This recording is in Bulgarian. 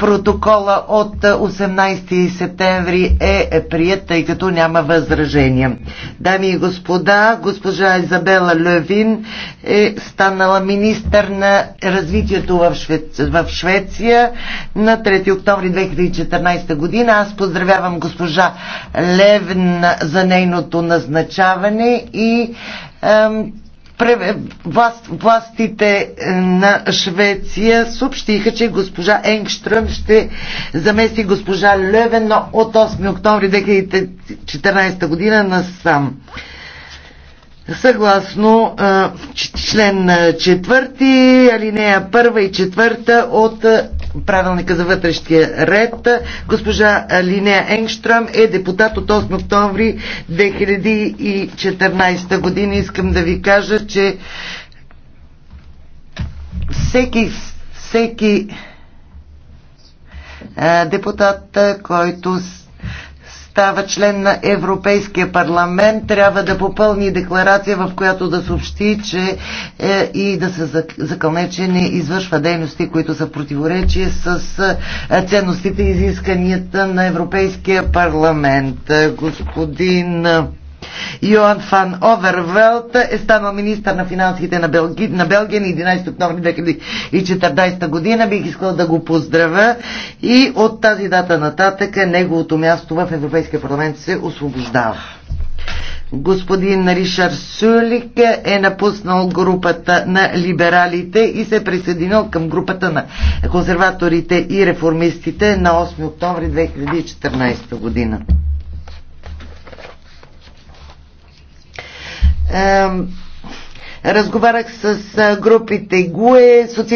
Протокола от 18 септември е, е прият, тъй като няма възражения. Дами и господа, госпожа Изабела Левин е станала министър на развитието в, Швеци... в Швеция на 3 октомври 2014 година. Аз поздравявам госпожа Левин за нейното назначаване и ем, властите е, на Швеция съобщиха, че госпожа Енгштръм ще замести госпожа Левен от 8 октомври 2014 година на сам. Съгласно е, член 4, алинея 1 и 4 от е, правилника за вътрешния ред. Госпожа Линея Енгштрам е депутат от 8 октомври 2014 година. Искам да ви кажа, че всеки, всеки депутат, който става член на Европейския парламент, трябва да попълни декларация, в която да съобщи, че е, и да се закълне, че не извършва дейности, които са в противоречие с е, ценностите и изисканията на Европейския парламент. Господин е, Йоан Фан Овервелт е станал министър на финансите на, Белги... на Белгия на 11 октомври 2014 година. Бих искал да го поздравя и от тази дата нататък неговото място в Европейския парламент се освобождава. Господин Ришар Сюлик е напуснал групата на либералите и се е присъединил към групата на консерваторите и реформистите на 8 октомври 2014 година. Разговарях с групите ГУЕ, соци...